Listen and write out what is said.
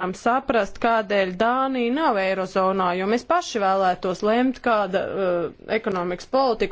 varam saprast, kādēļ Dānija nav Eirozonā, jo mēs paši vēlētos lemt, kāda uh, ekonomikas politika